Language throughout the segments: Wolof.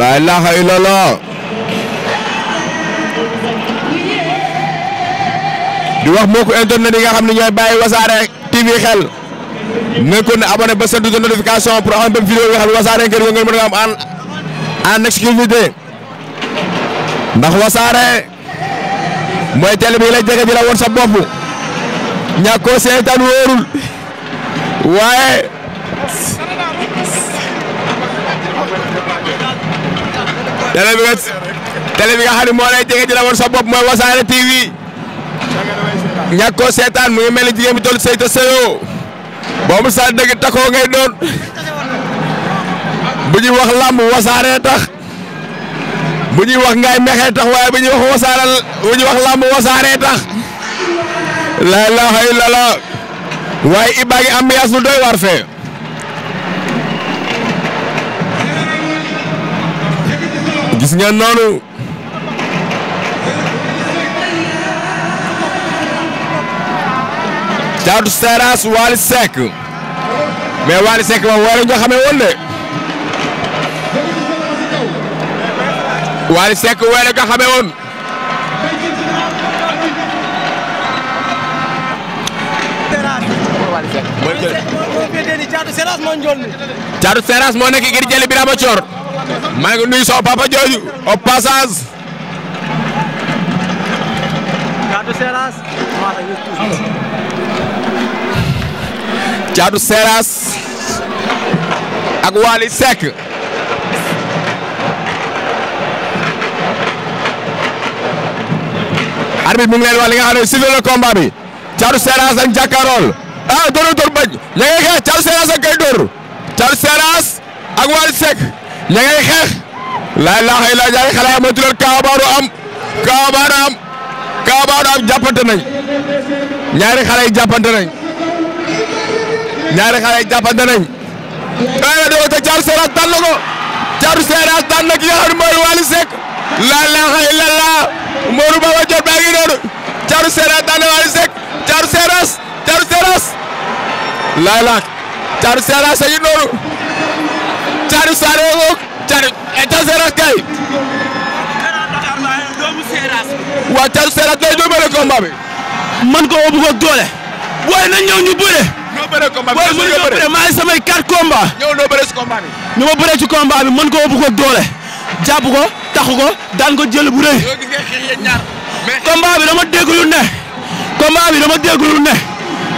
laa ilaaha illallah di wax mbokku internet yi nga xam ne ñooy bàyyi wasaare TV xel nekkoon ne abonné ba seetlu de notification pour am benn vidéo wasaare kër nga ngeen mën a am en en exclusivité ndax wasaare mooy télé bi lay jege di la won sa seetaan wóorul waaye. télé bi nga télé moo lay jege di la woon sa bopp mooy Wassare TV ñàkk koo seetaan mu ngi mel ni jigéen bi toll sayta seyoo boobu sa dëgg takoo ngay doon bu ñuy wax làmb wasaare tax bu ñuy wax ngay mexe tax waaye bu ñuy wax wasaare bu ñuy wax làmb wasaare tax la ilaha illallah waaye Iba ngi ambiance lu doy war fee Liss Ndiane noonu Caatu Seras Waly Seck mais Waly Seck moom wala nga xamee woon de Waly Seck wala nga xamee woon Caatu Seras moo nekk ngir jëli Birama Coor maa ngi nuyu sama papa jooju au passage. Caatu Seras ak Waly Seck. arbitre mu ngi leen wax li nga xam ne sifflé le combat bi Thiatou Seras ak jàkkaarool ah dóor na dóor bañ kay dóor Thiatou Seras ak Waly Seck ña xeex laay laaxay laa jaay xale amatu leen am kaabaanu am am jàppante nañ ñaari xale yi jàppante nañ ñaari xale yi jàppante nañ. waaye nag doo te Thiatou Seras tànn ko Thiatou Seras tànn na ki nga xam ne mooy Wally Seck laa laaxay la laa Modou Baba Diop baa ngi Thiatou Sané ngoog Thiatou Thiatou Seras kay. waaw Thiatou Seras tey man ko woo bëgg doole. booy nañ ñëw ñu bëre. ñoo bëre combat bi maa samay quatre combat. ñëw doo bëre ci combat bi. ñu ma bëre ci bi man ko woo bëgg ak doole. jàpp ko taxu ko daan ko jël bu rëy. combat bi dama dégg lu ne. combat bi dama dégg lu ne.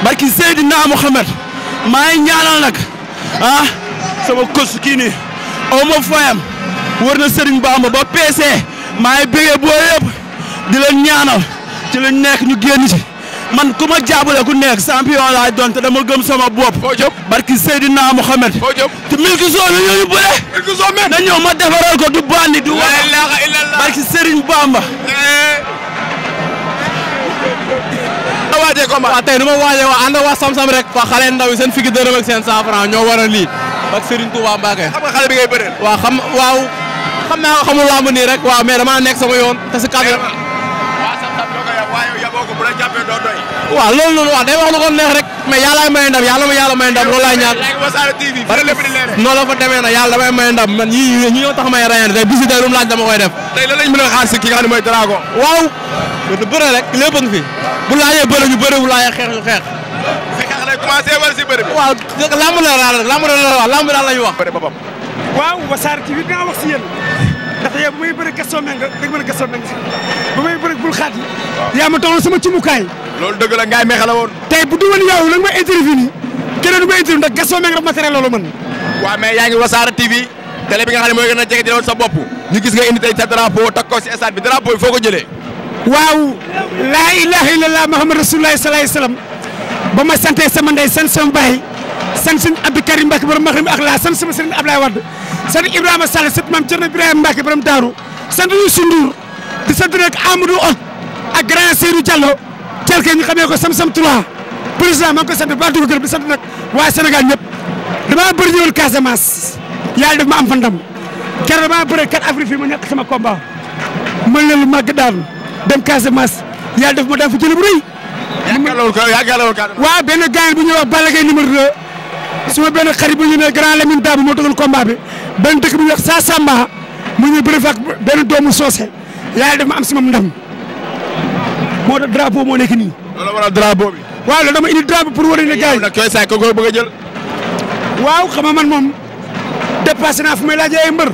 barki Seydina Mohamed maa ngi ñaanal nag ah. sama kos kii nii aw ma wër na sëriñ Bamba ba PC maa ngi bëggee boo yëpp di leen ñaanal ci lañ nekk ñu génn ci man ku ma jàppale ku nekk champion laa doon te ma gëm sama bopp. koo jëm barki Seydina Mohamed. koo jëm te milki soo mi ñu bëre. na ñëw ma defaral ko du bandi du. la ilaha illallah barki Serigne Bamba. waaw tey du ma waajee waa ànd seen figi ak seen 100 ñoo waral lii ak Serigne Touba Mbacke. xam nga xale waaw xam waaw xam naa ko xamul làmb nii rek waaw mais damaa nekk sama yoon. te si kàddu waaw loolu noonu wax day wax lu ko neex rek mais yàlla may ndam yàlla ma yàlla loolu laay ñaan noonu la fa demee nag yàlla damay may ndam man ñi ñi ñoo tax may rayante tey bisi day lu laaj dama koy def tey lan lañ mën a xaar si ki nga xam ne mooy Drago waaw rek lépp a ngi fi bu laajee bëre ñu bëre bu laajee xeex ñu xeex waa wala si bëri bi. waaw lamb la raad rek lamb la la wax lamb daal wax. bëri boppam. waaw Wassare TV dinaa wax si yéen ndax a yaa ma toll sama cimukaay. loolu dëgg la ngaay meexal woon. tey bu du woon yow lan tere loolu man. waaw mais yaa ngi Wassare TV télé bi nga xam ne mooy gën a jege jëloon sa bopp ñu gis nga indi tey sa drapeau teg ko si bi drapeau bi foo ko jëlee. waaw. laa ilaaha Muhammad rasulullah sallallahu alayhi wasallam ba ma sante sama ndey sant sama baay sant sëñ Abdou Karim Mbacke borom Maxrim ak laa sant sama sëriñ Ablaye Wade sant Ibrahima Sall sant maam Thierno Ibrahima Mbacke borom di sant rek Amadou Hott ak grand Seydou Diallo quelque ñu ko Sam Sam 3 président maa ngi ko sant ba dugg gërëm di sant nag waa Sénégal ñëpp damaa bëri ñëwoon Casamance yàlla def ma am fa ndam keroog damaa bëre 4 avril fii ma ñàkk sama combat mën na lu màgg daan dem Casamance yàlla def ma daan fa jëlee bu yàggaloon ko yàggaloon ko. waaw benn gaañ bu ñuy wax Balla Gaye numéro 2 suma benn xarit bu ñu ne grand Lamine Dabo moo tëggal combat bi benn dëkk bu ñuy wax Sassamba mu ñuy bëri benn doomu soose yàlla def ma am si moom ndam moo tax drapeau moo nekk nii. loolu waral drapeau bi. waaw loolu dama indi drapeau pour wane ne gars yi. jël. waaw xam nga man moom dépassé naa fu may laajee ay mbër.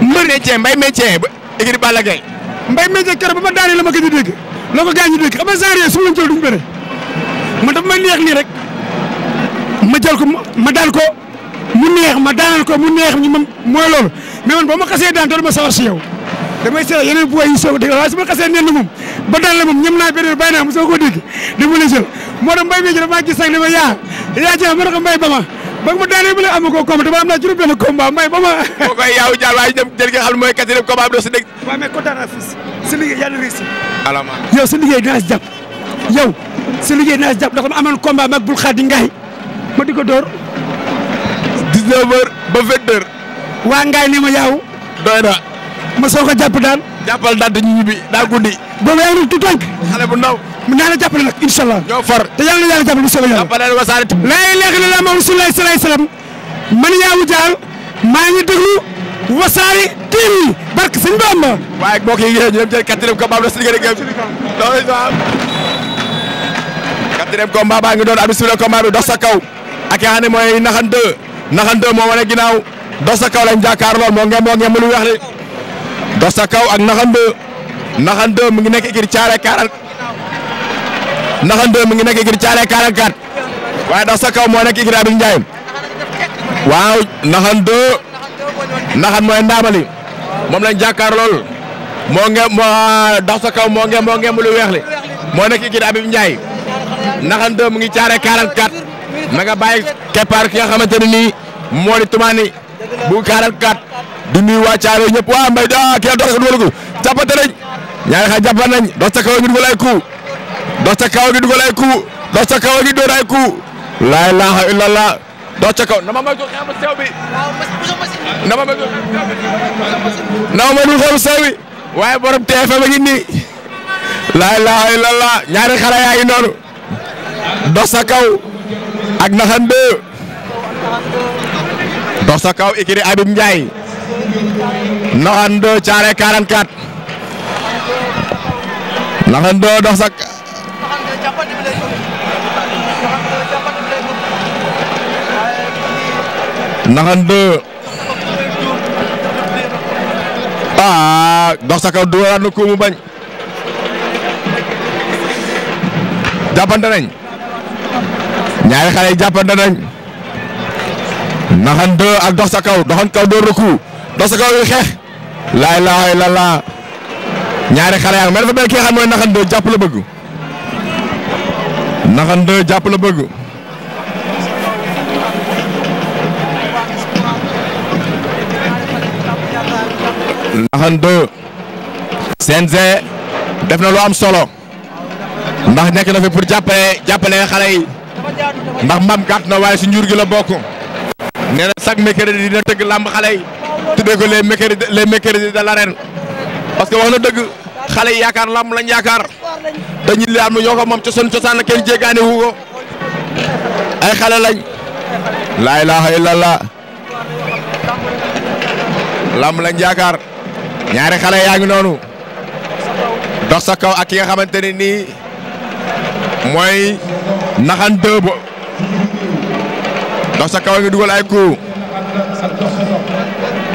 mbër métier mbay métier ba. écrit Balla Gaye. mbay métier keroog ba ma daane la ma gëj a loo ko gaañu dégg xam nga genre yooyu su ma leen jël duñu bëre man ma neex nii rek ma jël ko ma daal ko mu neex ma daanal ko mu neex ñu moom mooy loolu mais man boo ma xasee daan ma sawar si yow damay seet yeneen bu yi soog a dégg su ma xasee neen na moom ba daan la moom ñem naa beneen bàyyi naa mu soog koo dégg dama la moo tax mbay mi dafa maa gis sax ne ma yaa yaa jël ma ne mbay ba ma ba ma daanee ba léegi am ko combat am naa juróom benn combat may ba ma. boo koy yaaw jaar waaye dem jël nga xam ne mooy quatrième si dégg. waaw mais kontaan naa fii si liggéey yàlla réussi. alama yow si liggéey dinaa si jàpp yow si liggéey dinaa si jàpp ndax ma amoon di ba 20 heures. waa ngaay ma yaaw. ma soog a jàpp daa guddi. boobu yaa ngi tuut tànk. xale bu ndaw. mën naa la jàppale nag incha allah. ñoo far te yàlla na yàlla jàppale incha allah yàlla. jàppale wasaare tuuti. lay léegi la la moom sallallahu alayhi wasallam man yaa wu jaar maa ngi déglu wasaare TV barke sëñ Bamba. waaye mbokk yi ñu dem jël quatrième combat bi la suñu gën a gëm. loolu la quatrième combat baa ngi doon ab suñu combat bi dox sa kaw. ak yaa ne mooy naxan deux naxan deux moo wane ginnaaw dox sa kaw lañ jàkkaarlool moo ngeen moo ngeen mu lu weex li dox sa kaw ak naxan deux naxan deux mu ngi nekk kii caare 40. Ndaxandoo mi ngi nekk igri caare 44 waaye dox sa kaw moo na igri Abil Ndiaye waaw Ndaxandoo Ndaxan mooy ndaamali moom lañ jàkkaar lool moo nge moo dox sa kaw moo nge moo nge mu lu weex li moo nekk igri Abil Ndiaye Ndaxandoo mu ngi caare 44 ma nga bàyyi keppaar ki nga xamante ne nii moo di tumaani bu 44 du nuyu waa caare ñëpp waa mbay ah kii la dox sa ko dugalagul jàppante dugal ay coup dox ca kaw di dugal ay coup dox ca kaw di door ay coup laa ilaaha illallah dox ca kaw na ma moytu xeex bu sew ma moytu waaye borom TFM a ngi nii laa ilaaha ñaari xale yaa ngi noonu dox kaw ak naxande dox sa kaw ikiri Abib Ndiaye naxande caare 44 naxande dox sa jàppante bi lay bëgg jàppante bi na ko bañ. jàppante nañ. ñaari xale yi jàppante nañ. Ndaxaan deux kaw doxan kaw door na ko dox sa kaw yi xeex. laa ilaaha illallaah ñaari xale yaa ngi mel dafa mel ki nga xam mooy Ndaxaan naxan jàpp la bëgg. naxan de. def na lu am solo. ndax nekk na fi pour jàppale jàppale xale yi. ndax mbam gàtt na waaye si njur gi la bokk. nee na chaque mercredi dina tëgg làmb xale yi. tuddee ko les mercredis les mercredis parce que wax na dëgg xale yi yaakaar làmb lañ yaakaar. dañuy laam ñoo ko moom cosaan cosaan la kenn jéggaane wu ko ay xale lañ laa ilaaha illallah lamb lañ yaakaar ñaari xale yaa ngi noonu dox sa kaw ak ki nga xamante ne nii mooy naxan dëb dox sa kaw ngi dugal ay coup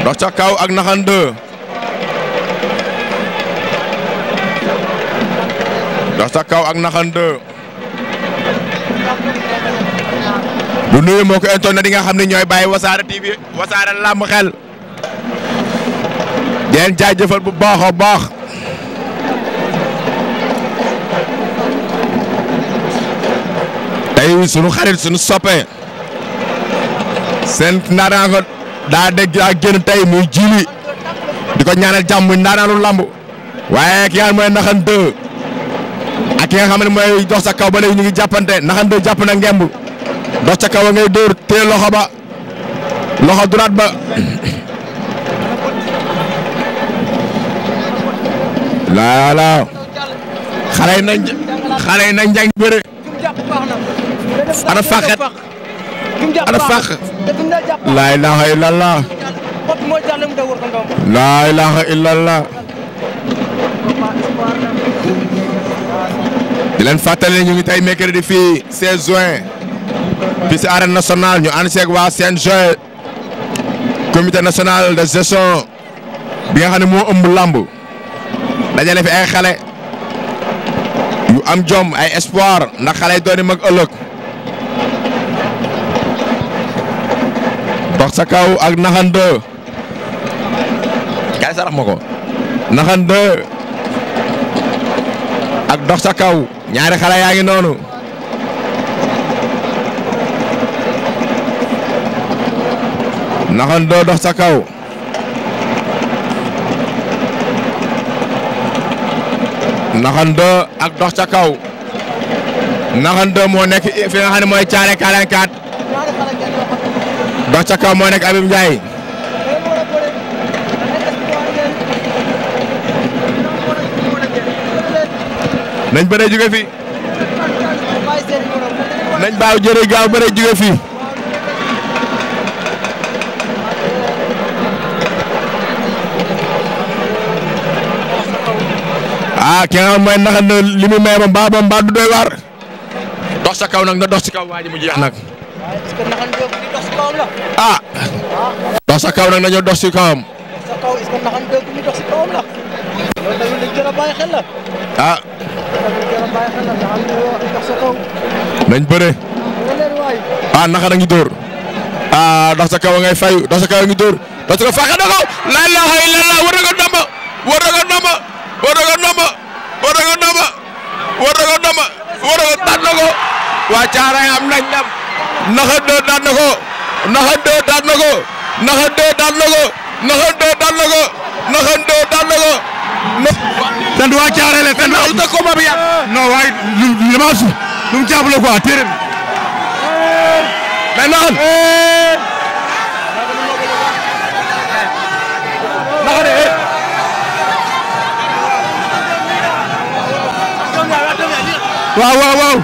dox sa kaw ak naxan dox sa kaw ak naxande bu moo ko intoon na nga xam ne ñooy bàyyi wasaare TV wasaare làmb xel deen jaajëfal bu baax a baax tey sunu xarit sunu soppe seen ndaanaan ko daa dégg daa génn tey muy jili di ko ñaanal jàmm muy ndaanaanu làmb waaye ki nga mooy naxande ak ki nga dox ca kaw ba léegi jàppante naxande jàpp na ngemb dox ca kaw ngay dóor téye loxo ba loxo droite ba laala xale yi nañ xale yi nañ njàng bëre ana fàqet laa ilaha illallah laa ilaha di leen fàttali ñu ngi tey mercredi fii 16 juin fii si arène nationale ñu ànd seeg waa CNG comité national de gestion bi nga xam ne moo ëmb làmb dajale fi ay xale yu am jom ay espoir ndax xale yi doon mag ëllëg dox sa kaw ak naxande kay sarax ma ko ak dox sa kaw ñaari xale yaa ngi noonu naxan doo dox sa kaw naxan doo ak dox ca kaw naxan doo moo nekk nga xam ne mooy caare 44 dox ca kaw moo nekk Abib Ndiaye nañ bëree jóge fi nañ baaw jëre gaaw bëree jóge fi ah ki nga xam mooy naxa na li muy may ba mbaa ba mbaa du doy waar. dox sa kaw nag nga dox si kaw waa ji mu jeex nag. ah. dox sa kaw nag nañoo dox si kawam. dox sa kaw est-ce que naxan dox si kawam la. loolu tamit dañ jël a bàyyi xel la. ah. nañ bëre. ah naka da ngi dóor. ah dox sa kaw ngay fayu dox sa kaw ngi dóor dox sa kaw faaxe na ko. la ilaha illallah war na ko ndamba war na ko ndamba war na ko ndamba war na ko ndamba war na ko ndamba war na ko daan na ko. waa Caaray am nañ ndam. naka doo daan na ko. naka doo daan na ko. naka doo daan na ko. naka doo daan na ko. naka doo daan na ko. tent waa Thiaré la tent waa. te combat bi yàq. non waaye li li ma su lu mu jàppale quoi téere. mais naan. naka de. waaw waaw waaw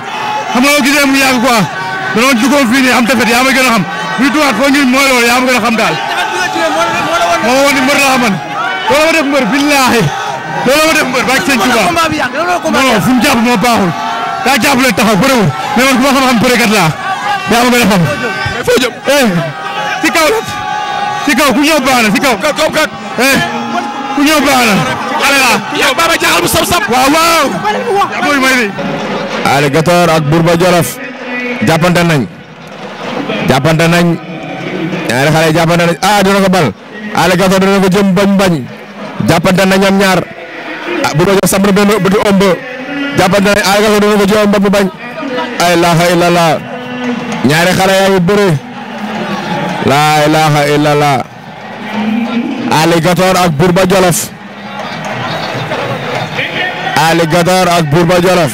xam nga loo gisee mu yàgg quoi danoon duggoon fii nii am tefet yaa ma gën a xam buy tuwaat foo ñuy mooy loolu yaa ma gën a xam daal. moo ma woon ni mbër laa man. wala ma def mbër billaahi looloo ma def mbër bàyyi sëñ Tuubaa non fu mu jàpp moo baaxul daa jàppale taxaw bëriwul mais man ku ma xam-xam bërekat laa yaa ma gën a xam. foo jëm eh, ci kaw la ci kaw ku ñëw baax na ci kaw. kaw kat eh, ku ñëw baax na. alhamdulilah yow Baba Diakhal bu sab sab. waaw waaw. amul may de. Alligator ak Bourba Jolof jàppante nañ jàppante nañ ñaari xale jàppante nañ ah dina ko bal Alligator dina ko jëm bañ bañ jàppante nañ ñoom ñaar. bu doon samp na benn bu di omb jàppante ne ay nga ko ci omb bu bañ ay laaha illallah ñaari xale yaa ngi bëre laa ilaaha illallah alligator ak Bourba Jolof alligator ak Bourba Jolof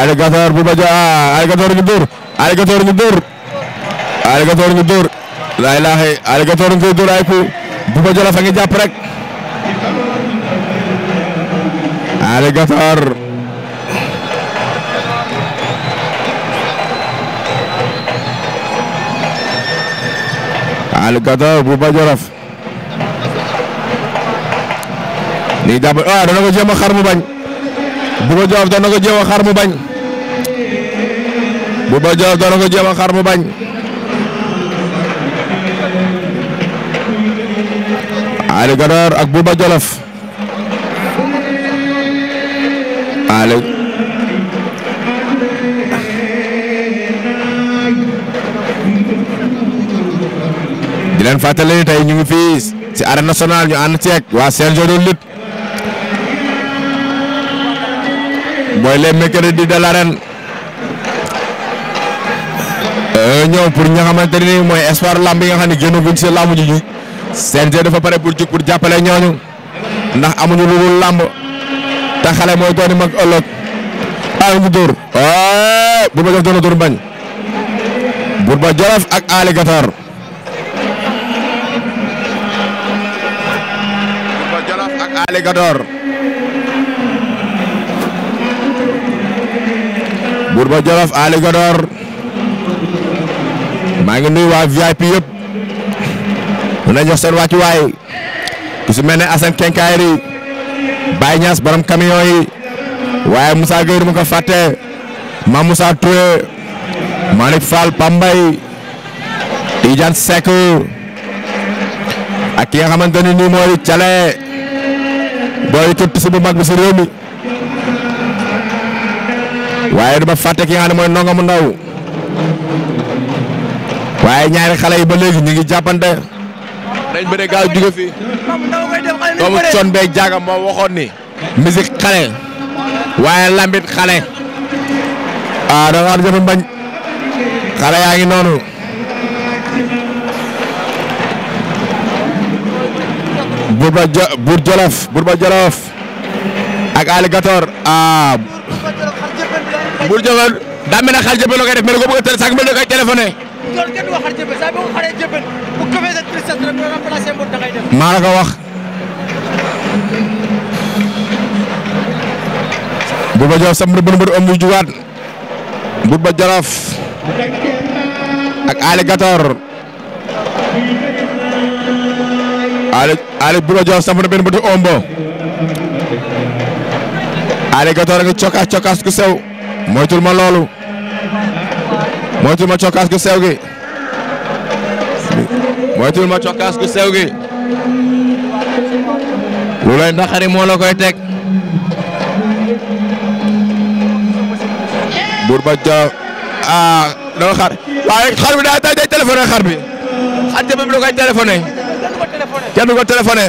alligator Bourba Jolof ah, alligator ñu dóor alligator ñu dóor alligator ñu Bouba Djolof a ngi jàpp rek alligator alligator bu Djolof lii jàpp ah dana ko jéem a xar mu bañ Bouba Djolof dana ko jéem a xar mu bañ Bouba Djolof dana ko jéem a xar mu bañ Aly Gador ak Bouba Jolof Aly di leen fàttali tey ñu ngi fii ci arène national ñu ànd ceeg waa CNG de lutte mooy les mercredis de l'arène euh, ñëw pour ñi nga xamante ni mooy espoir lamb yi nga xam ne génn guñ ci lamb ji CNG dafa pare pour jug jàppale ñooñu ndax amuñu lu dul làmb te xale mooy dooni mag ëllëg ay ngi eh, dóor Bourba Diof doon dóor bañ Bourba Diof ak Ali Gator Bourba Diof ak Ali Gator Bourba Diof maa ngi nuyu waa VIP yëpp ñu lay jox seen wàccuwaay ku si mel ne Assane Kenkayri Baye Niass borom camion waaye Moussa Gueye mu ko fàtte Mame Moussa Touré Malick Fall Pambay Tidiane Seck ak ki nga xamante ni nii mooy Thialé booy tudd si bu mag bi si waaye du ma fàtte ki nga xam ne mooy ndongo mu ndaw waaye ñaari xale yi ba léegi ñu ngi jàppante. dañ bëre gaaw jóge fii. doomu Thione Mbaye waaye lambit yaa ngi noonu. Bourba jo Bour Jolof ak alligator ah. Jolof daa mel ne xar jëppee loo a télé sànq loolu kenn du ko xar jëppal saa boo ko xaree jëppal bu ko fee sa tristesse ak alligator Ali Ali Bouba Diaw sam mbër mbër ombo alligator nga cokaas cokaas ku sew moytul ma loolu moytul ma cokkaas gu sew gi moytul ma cokkaas gu sew gi lu lay naqari moo la koy teg ba ja ah dama xar bi daa day téléphoné xar bi xar bi da koy kenn du ko téléphoné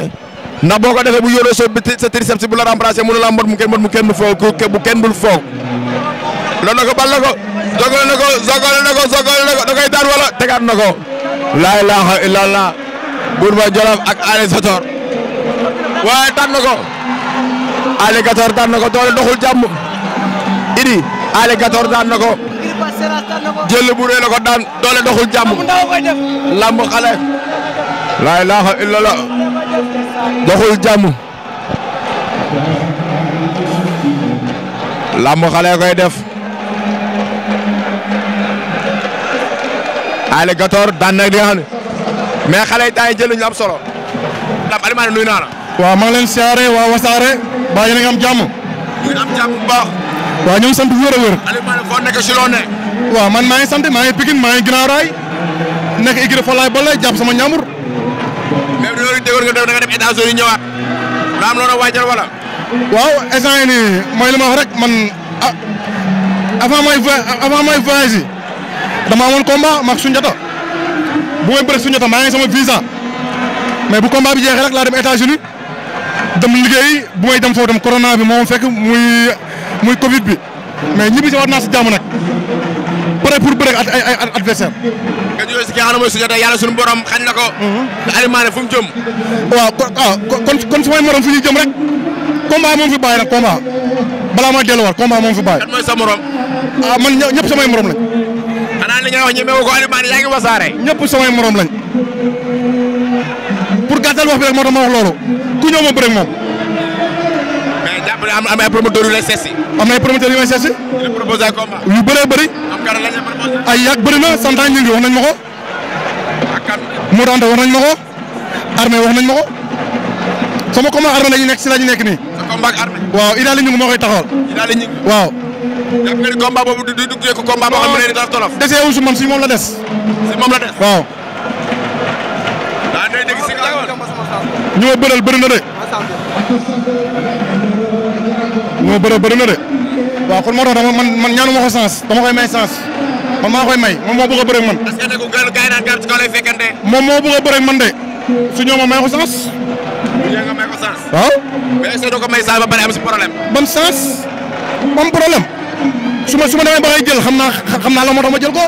ndax boo ko defee bu yónnee sa biti sa triceps bu la remplacé mënu la mbot mu kenn mbot mu kenn bul foog loolu la bal la Jokal na ko Jokal na ko Jokal daan wala tegaat na laa ilaaha illallah. Bourba Diolam ak Ali waaye daan na ko. Ali Gator ko doole doxul jàmm. Idi Ali Gator daan ko. jël bu rëy la ko daan doole doxul jàmm. lamb xale. laa ilaaha illallah. doxul jàmm. lamb xale koy def. alligator daan na di nga xam ne mais xale yi jël ñu am solo. ndax Alioune nuyu naa la. waaw maa ngi leen siyaare waa wasaare baa yéen a ngi am jàmm. ñu ngi am jàmm ñoo ngi sant wér a man maa ngi sant maa ngi Pikine maa ngi Ginnaaw Rail nekk Igri Falaay ba lay jàpp sama ñaamur. mais loolu it déggoon nga dem États-Unis ñëwaat. nga am loolu waajal wala. waaw instant yii nii mooy li ma wax rek man ah avant may voy avant may dama amoon combat mag Sunjata bu may bëre Sunjata maa ngi sama visa mais bu combat bi jeexee rek laa dem États-Unis dem liggéey bu may dem foofu dem corona bi moom fekk muy muy Covid bi mais ñibbi si waat naa si jàmm nag pare pour bëre ak ay ay mooy Sunjata yàlla suñu borom xañ na ko. te mhm. Alimane fu mu jëm. waaw kon ah may morom fu ñuy jëm rek combat moom fi bàyyi nag combat balaa may delluwaat combat moom fi bàyyi. kan mooy sa morom. ah lañ. xanaa li nga wax ñemewu ko Alioune Mané yaa ngi wasaare. ñëpp samay morom lañ pour gàttal wax bi rek moo tax ma wax loolu ku ñëw ma bëre moom. mais jàpp na seesi. am na ay seesi. yu proposé bëri. am kan lañ la proposé. ay yàgg bëri na santaan ñu ngi wax nañ ma ko. ak kan. Modou wax nañ ma ko. armée wax nañ ma ko. sama koma armée la ñu nekk si la ñu nekk nii. sa combat waaw Idaali ñu moo koy waaw. jàpp nga ni combat boobu du duggee ko combat boo xam ne man si moom la la des waaw. ñu ma bëral bëri na ñu ma bëral bëri na de. kon moo tax man man ñaanu ma ko sens dama koy may sens man maa a a bëri ma ko sens. bu ñëwee nga may ko sens. waaw. mais est-ce que ko may sens ba pare am si problème. ban sens am problème. suma ma su ma demee ba koy jël xam na xam naa ma jël ko.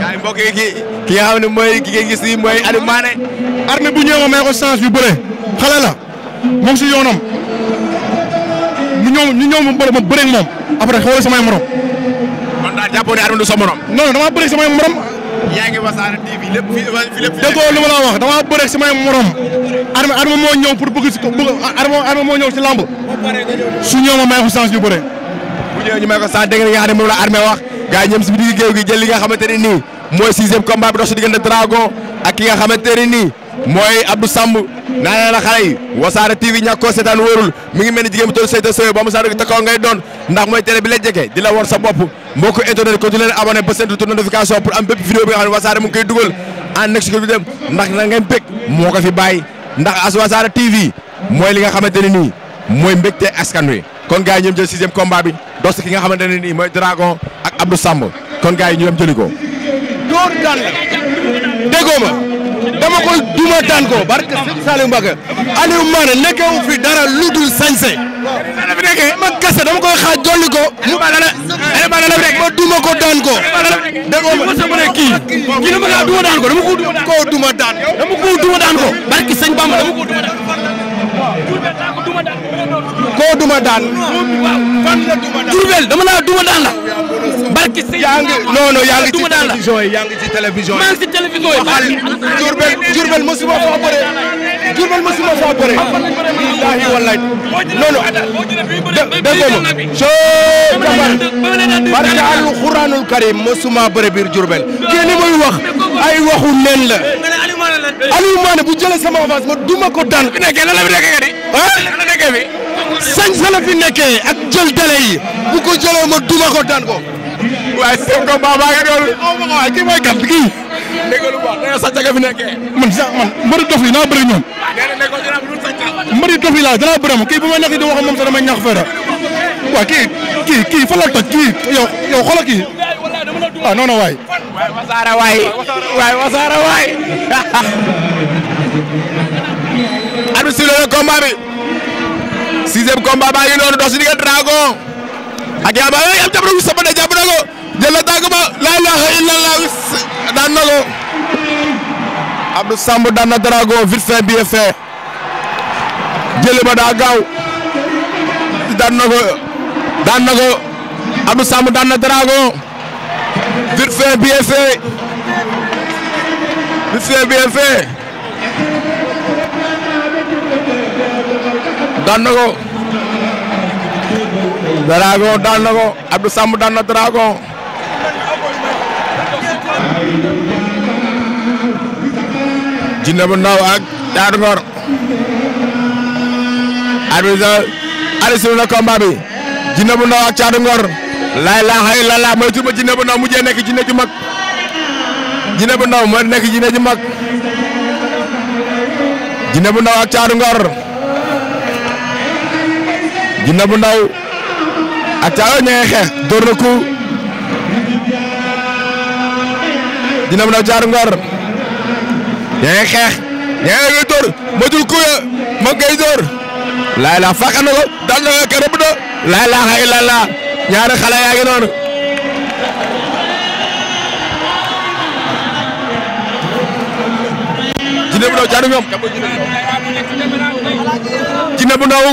yaa ngi ki ki nga xam ki nga gis nii mooy Aliou Mané. armée bu ma may ko chance yu bëre xale la moom si yoonam mu ñëw ñu ñëw ma bëre ma bëre ak moom après xoolal morom. kon daal jàppoo ne armée du sa morom. non non damaa morom. yaa ngi lu ma la wax damaa bëreeg si may morom. arme arme moo ñëw pour bëgg si moo ñëw si lamb. su ñëw ma may ko chance ñu bëre. bu ñëwee ñu may ko chance dégg nga xam moom la armé wax. gars si biir gi jël li nga xamante ne nii mooy sixième combat bi dox si diggante Drago ak ki nga xamante ne nii mooy Abdou Samb naa leen la xale yi wasaare TV ñàkk seetaan wóorul mi ngi mel ni jigéen bu toll sayta sëy ba mu saa ta kaw ngay doon ndax mooy télé bi jege di la won sa bopp mbokk internet ko di ba seen notification pour am bépp vidéo bi nga xam ne wasaare moo ko fi bàyyi ndax as wasaare mooy li nga xamante ne wi kon gars yi ñu jël sixième combat bi dos ki nga xamante ne nii mooy Dragon ak Abdou Samb kon gars yi ñu dem jëli ko. dóor daan la dama koy duma daan ko barke sëñ Saliou Mbacké Aliou Mané nekkewu fi dara lu dul sañse la ma kese dama koy xaaj jolli ko ma duma ko daan ko dégoo ma sama ne kii kii ko duma daan ko dama ko duma daan ko dama ko duma daan ko barke sëñ Bamba dama ko duma daan koo duma daan. Diourbel dama naa duma daan la. barki si yaa ngi non non yaa ngi ci télévision yi yaa ngi ci télévision yi. maa ngi ci télévision yi. waxal Diourbel Diourbel mosuma foo bëree. Diourbel mosuma foo bëree. billaahi wallaahi non non. dé déggoo ma. soo jafar barka alxuraanul karim mosuma bëre biir Diourbel. kii ni muy wax ay waxu neen la. Aliou Mané bu jëlee sama avance ma duma ko daan. fi nekkee lan la fi nekkee sañ sa fi nekkee ak jël dale bu ko jëlee ma duma ko daan ko. waaye seen ko baa ma ko waaye kii man sax man mbëri na nekkoon dina am lu sàcc. mbëri dof ma kii bu ma nekk di wax moom sax damay ñax fayda. waaw kii kii kii fa la kii yow yow kii ah non waay wasaara waay waay wasaara waay arbitre sifflé na combat bi sixième combat baa ngi noonu dox si diggante Dragon ak Yaba ay am jàpp na ko samba de jàpp na ko jël na tànk ba laa ilaaha illallah daan na ko Abdou Samb daan na Dragon vite fait bien fait jëli ba daa gaaw daan na ko daan na ko Abdou Samb daan na Dragon Vite fait, bien fait. Vite fait, bien fait. daan na ko. Dragon daan na ko Abdou Samb bu ndaw ak Daadu Ngor. arbitre arrêté na combat bi. bu ndaw ak Caadu laa ilaaha illallaah mooy tur ba jinne bu ndaw mujjee nekk jinne ju mag jinne bu ndaw mooy nekk jinne ju jinne bu ndaw ak ngor jinne bu ndaw ak ngor ña xeex ña ngi dóor moytul ku ya ma ngay dóor laa ilaaha na ko daal na ko keroog na laa ilaaha illallaah ñaari xale yaa ngi noonu jinne bu ndaw jaanu ñoom jinne bu ndaw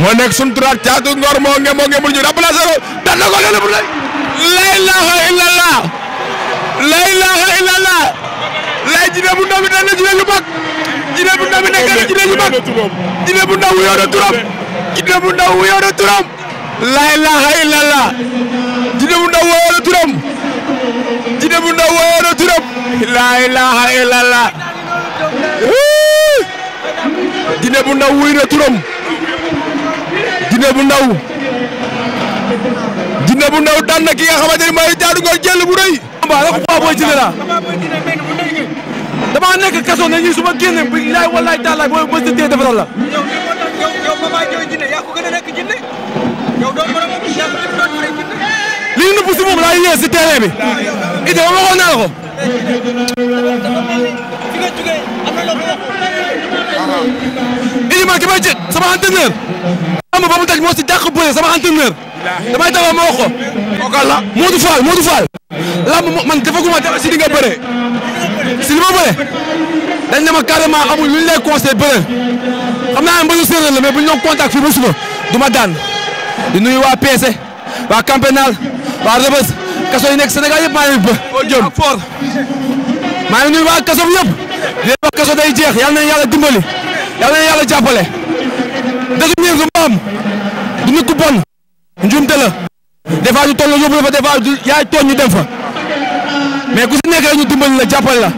moo nekk sun turaat caatu ngor moo nge moo nge na ko lele bu la ilaha illallah la ilaha illallah lay jinne bu ndaw bi jinne bu ndaw bi na jinne jinne bu ndaw wuyoo na turam laa ilaaha illallah Djily Bou Ndaw woyoona turam Djily Bou Ndaw woyoona turam laa ilaaha illallah Djily Bou Ndaw wuy ki nga xamante ni mooy ngoon jël bu rëy ba rek Papa Boy Djiné la dama nekk kaso ne ñi suma génne billaay wallaay taalaay booy bës tee defaral la yow yow Papa li ñu nëbb si moom laa yéex si terrain bi. it dama waxoon naa la ko. Idi ma ki ci jël sama entraîneur. ba mu daj moo si dàq bëre sama entraîneur. damay taxaw ma wax ko. kooku la Modou Fall Modou man defaguma dara si li nga bëree. si li ma bëree. dañ ne ma carrément amul lu ñu lay conseillé bëre. xam naa ne mbañu séeréer la mais bu ñu doon contact fii ba suba du daan. di nuyu waa PC waa Camp waa Rebeuss kaso yu nekk Sénégal yëpp maa ngi ba jëm fort maa ngi nuyu waa kaso bi yëpp di leen wax kaso day jeex yal na yàlla dimbali la yàlla jàppale détenir lu mu am du nit ku bon njuumte la des fois ñu yóbbu la fa des yaay tooñ ñu dem fa mais ku si nekk ñu dimbali la jàppale la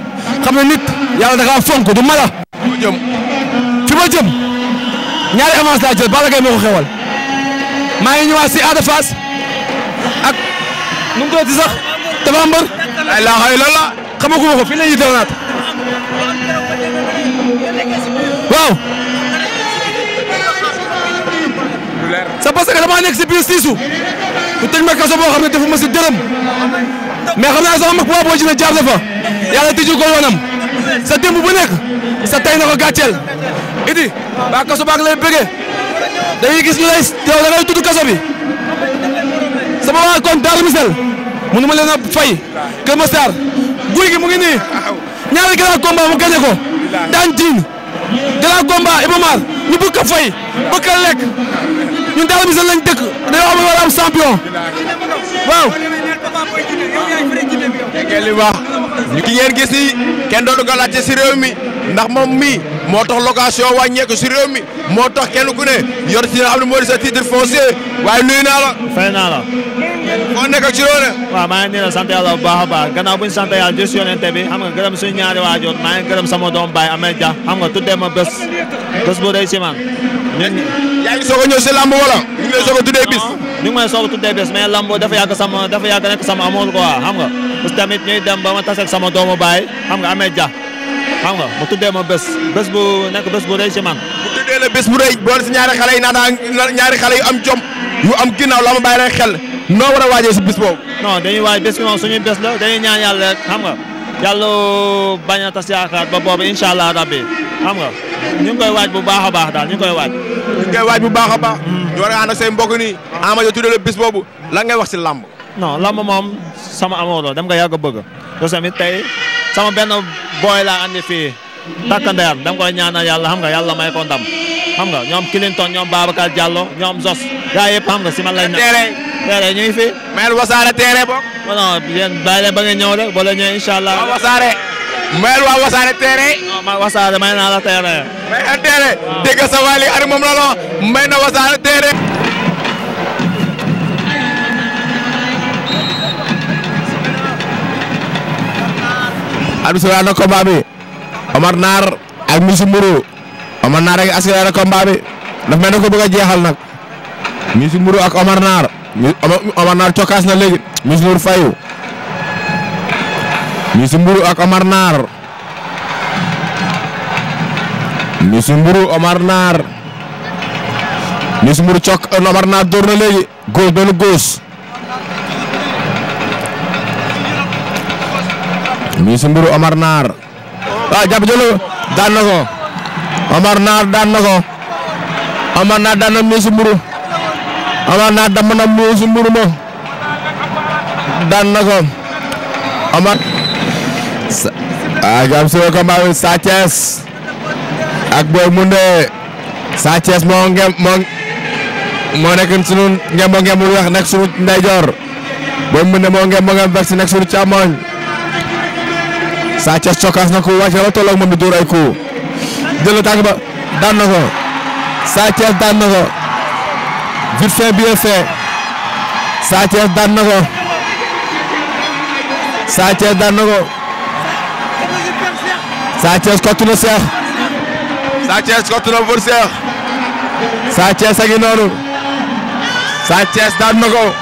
xam ne nit yàlla da kaa fonk du mala fi ma jëm ñaari avance laa jël Balla Gaye moo xewal maa ngi ñëwaat si Ada Fass ak nu mu tuddati sax dafa mbër. laa xay loolu la xamaguma ko fi la ñuy doonaat waaw. c'est parce que si biir siisu bu tëj ma kaso boo xam ne defuma si dërëm xam naa sama mag waa boo jëlee jaar na fa yàlla tëjul ko sa démb bu nekk sa tay ko gàcceel idi ba kaso baa ngi lay dañuy gis ñu lay yow da ngay tudd kaso bi sama waa kon misel mënu ma leen a fay Kër Massar guy gi mu ngi nii ñaari grand combat mu gagné ko daan diin grand combat Iba Mar ñu fay bëgg ko lekk ñun misel lañ dëkk dañoo am war a waaw. ñu ki ngeen gis nii kenn dootu ko laajte si réew mi. ndax moom mii moo tax location wàññeeku si réew mi moo tax kenn ku ne yor si nga xam sa titre foncier waaye nuyu naa la. fay naa la. moo nekk ci loolu. waaw maa ngi nii la sant yàlla bu baax a baax gannaaw bu ñu sant yàlla jës bi xam nga gërëm suñu ñaari waajur maa ngi sama doom baay amee ja xam nga tuddee ma bés bés bu rëy si man. yaa a ñëw si lamb wala. ñu ngi tuddee bis. Ah, ñu ngi may soog a bis mais lamb dafa yàgg sama dafa yàgg sama amul ko xam nga parce que tamit ñuy dem ma taseeg sama doomu baay xam nga amee ja xam nga mu tuddee ma bés bés bu nekk bés bu rëy ci man. mu tuddee la bés bu rëy boole si ñaari xale yi naan ñaari xale yu am jom yu am ginnaaw la ma bàyyi rek noo war a waajee si bés boobu. non dañuy waaj bés bi moom suñuy bés la dañuy ñaan yàlla rek xam nga yàlla bañ a tas yaakaar ba boobu incha rabbi xam nga ñu ngi koy waaj bu baax a baax daal ñu ngi koy waaj. ñu ngi bu baax a baax. ñu war a ànd ak say mbokk nii. Ama Dia tuddee la bés boobu lan ngay wax si làmb. non làmb moom sa amoon dem nga yàgg bëgg te booy laa andi fii takk ndeyam dama koy ñaanal yàlla xam nga yàlla may ko ndam xam nga ñoom Clinton ñoom Babacar Diallo ñoom Zos gaa yëpp xam nga si ma lay na teere ñu ngi fi mel wasaare teere bokk non yéen bàyyi leen ba ngeen ñëw rek boo leen ñëwee incha allah waa wasaare mel waa ma may naa la teere may na teere dégg sa waali ar moom may na wasaare teere Aliou Sow na combat bi Omar Naar ak Miss Mourou Omar Naar ak Askia na combat bi daf mel ne ko bëgg jeexal nag Miss Mourou ak Omar Naar Omar Naar cokkaas na léegi ak Omar Naar Miss Mourou Omar Naar Miss Mourou cokk Omar Naar door na léegi góos benn góos. Miss Mbour Omar Naar waaw ah, jàpp jël daan na ko Omar Naar daan na Omar Naar daan na Miss Mbour Omar Naar daan na Omar ah jàpp si ko ak Boy Moundé Sa moo ngem moo moo nekk sunu ngem moo ngem weex nekk sunu ndeyjoor Boy Moundé moo ngem moo ngem vex nekk sunu càmmoñ Sa Thiès cokaas na ko wàcce ba tolloog moom di dóor ay coup jël tànk ba daan na ko na ko vite fait bien na ko Sa Thiès daan na ko Sa Thiès kottu na Cheikh Sa Thiès a noonu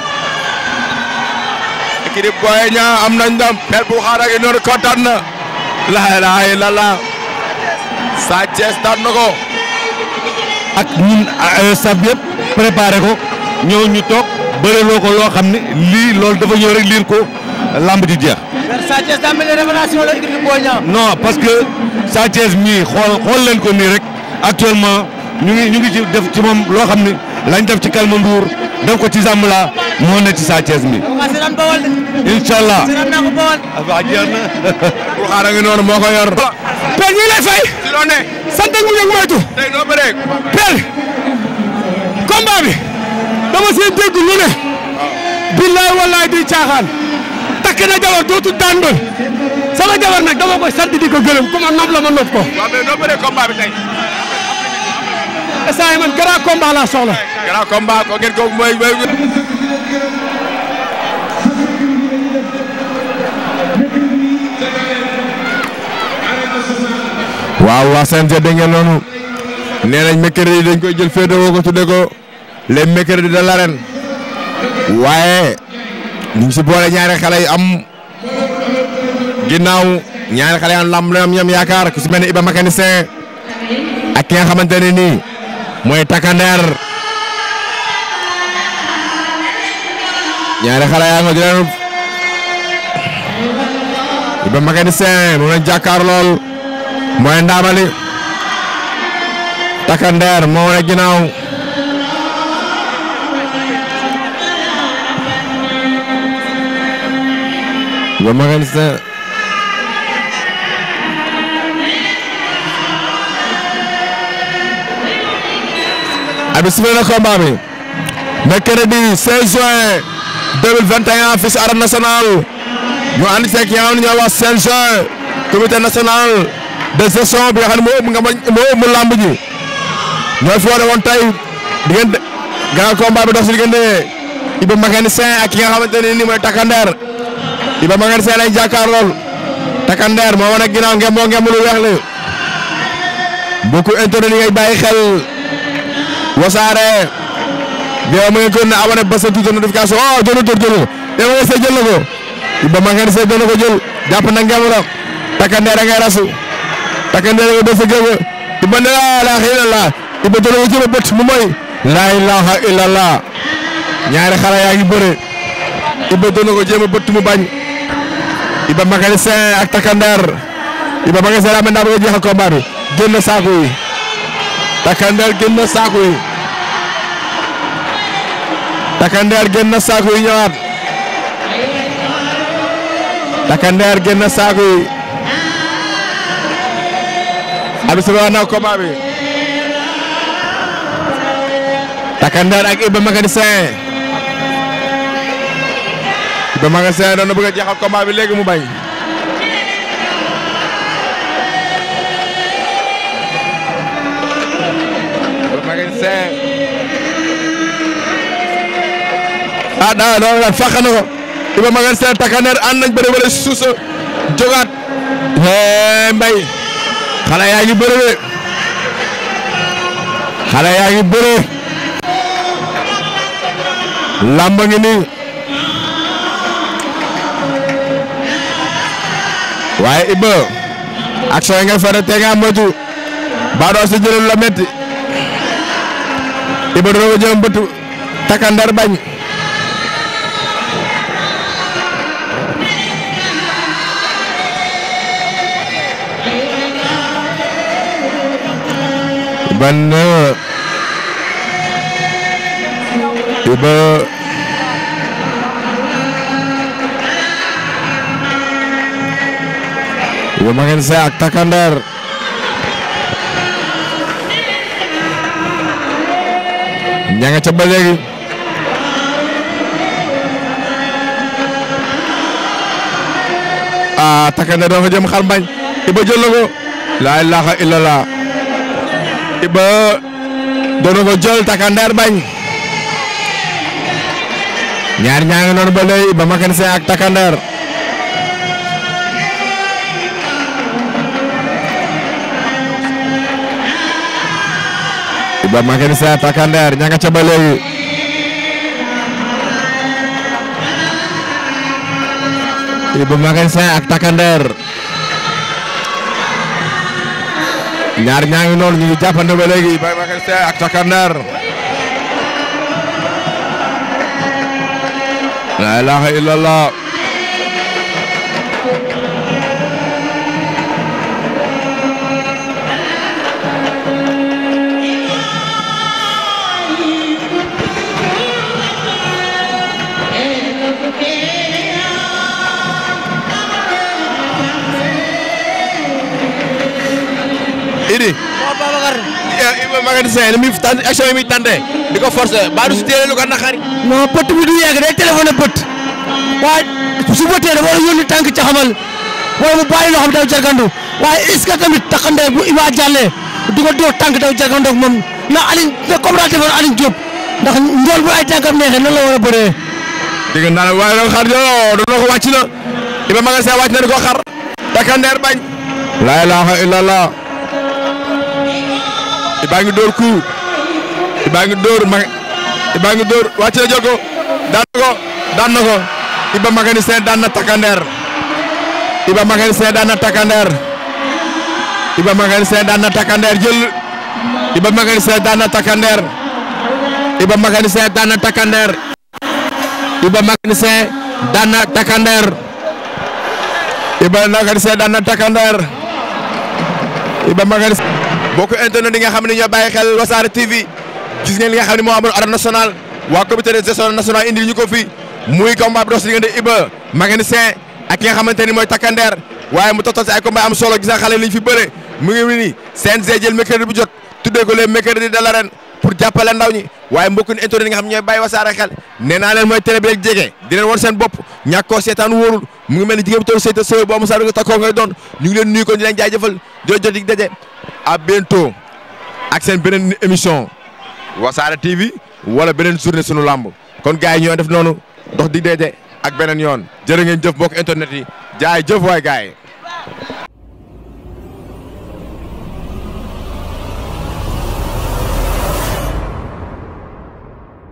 équipe Boy am nañ ndam per bu xaar ak noonu kontaan na la ilaha illallah Sa Thiès daan ko ak ñun euh, staff yëpp préparé ko ñëw ñu toog bëreloo ko loo xam ne lii loolu dafa ñëw rek liir ko lamb di jeex. non parce que Sa mii xool xool leen ko nii rek actuellement ñu ngi ñu ngi ci def ci moom loo xam ne lañ def ci Kalmandour def ko ci Zambala moo ne ci Sa Thiès mi. incha allah. waaw yor. Pell fay. si loo ne. sant ak mu njëkk moytu. tey doo bëree. ne. billaay wallaay di caaxaan. takk jabar dootul daan doon. sama jabar nag dama ko gërëm comme nopp la ma nopp ko. instant man grand combat soxla. grand combat ko ngeen ko mooy mooy. waaw waa CNG dégg ngeen noonu nee nañ mercredi dañ koy jël féetewoo ko tuddee ko les mercredis de l'arène waaye ñu ngi si boole ñaari xale yi am ginnaaw ñaari xale yi am lam ñam yaakaar ku si mel ni Iba mécanicien ak ki nga xamante ne nii. mooy Takander ñaari xale yaa ngi leen Iba mécanicien moom lañ jàkkaar mooy Ndamali Takander moo wane ginnaaw Iba mécanicien abi sifflé na combat bi mercredi 16 juin 2021 fii si arène nationale ñu ànd ceeg yi nga xam ne ñoo wax CNG de gestion bi nga xam ne moo ëmb nga ma moo ëmb lamb ji ñooy foone woon tey diggante grand combat bi dox Iba mécanicien ak ki nga xamante ne nii mooy Takander Iba mécanicien lay jàkkaarlool Takander moo wane ak ginnaaw ngem lu weex li internet yi ngay xel. wasaare Iba ma ngeen ko ne abonné ba sa tuuti notification oh jëlu jël jëlu Iba Ngor Sèye jël na ko Iba ma ngeen Sèye jël a ngay rasu takkandeer a ngay ba sa Iba ne laa ilaaha Iba jël ko ci bët mu mooy laa ilaaha illallah ñaari ko jéem bañ Iba ma ngeen Sèye ak takkandeer Iba ma ngeen Sèye daa mel ne daa bëgg a jeexal combat bi Taka Nder génn na saako yi Taka Nder génn na saako yi ñëwaat Taka Nder saako yi. Abi na combat bi Taka Nder ak Iba mécanicien Iba mécanicien doon na bëgg a jeexal combat bi léegi mu bañ. ah daa doon la fàq na Iba Maguette Sène Takander ànd nañ bëri bëri suuf sa jógaat mbay xale yaa ngi bëri de xale yaa ngi bëri làmb ngi nii waaye Iba action yi nga fere te nga moytu ba doo la metti Iba doo ko jëm bëtu bañ ben Iba Iba makin seak Takandar Jangan coba lagi Ah Takandar dafa jëm xar mbañ Iba jël na la ilaha illallah Iba doon ko jël Takandar bañ ñaar ñaa ngi noonu ba léegi Iba ak Takandar Iba Mécanicien ak Takandar ña nga ca ba léegi ñaar ñaa ngi noonu ñu ngi jàppante ba léegi ak Takandar la ilaha illallah Seydi. waaw Babacar. Eh, Maguette Seye mi tànn action yi muy tànnee di ko forcer ba du si téere lu ko naqari. non pët bi du yegg day téléphoné pët waaye su bëttee dafa war a yónni tànk ca xamal wala mu bàyyi loo xam daw jargandu waaye est-ce que tamit taxandee bu Iba Jalle du ko dóor tànk daw jargandu ak moom na Alioune na comme daal defoon Alioune Diop ndax njool bu ay tànkam neexee nan la war a bëree. dégg naa ne waaye nag xar yoo doon ko wàcc na Iba Maguette Seye wàcc na di ko xar. takandeer bañ. la ilaha illallah. Iba ngi dóor ku Iba ngi dóor ma Iba ngi dóor wàcc na jël ko daan na ko daan na ko Iba mécanicien daan na Takander Iba mécanicien daan na Takander Iba mécanicien daan na Takander jël Iba mécanicien daan na Takander Iba mécanicien daan na Takander Iba mécanicien daan na Takander Iba mécanicien daan na Takander Iba mécanicien mbokku internet yi nga xam ne ñoo bàyyi xel wasaare TV gis nga xam ne mooy amoon arène nationale waa comité de gestion nationale indi ñu ko fi muy combat bi dox si diggante Iba ak ki nga xamante ni mooy waaye mu tottal ay combat am solo gis nga xale li ñu fi bëre mu ngi nii CNG jël mercredi bu jot tuddee ko le mercredi de l'arène pour jàppale ndaw ñi waaye mbokku internet nga xam ne ñooy bàyyi wasaare xel nee naa leen mooy télé bi rek jege di leen won ngi mel ni jigéen bu toll seeta sëy à bientôt ak seen beneen émission Wassare TV wala beneen journée sunu làmb kon gars yi ñoo def noonu dox dig deeje ak beneen yoon jërë ngeen jëf mbokk internet yi jaay jëf waay gars yi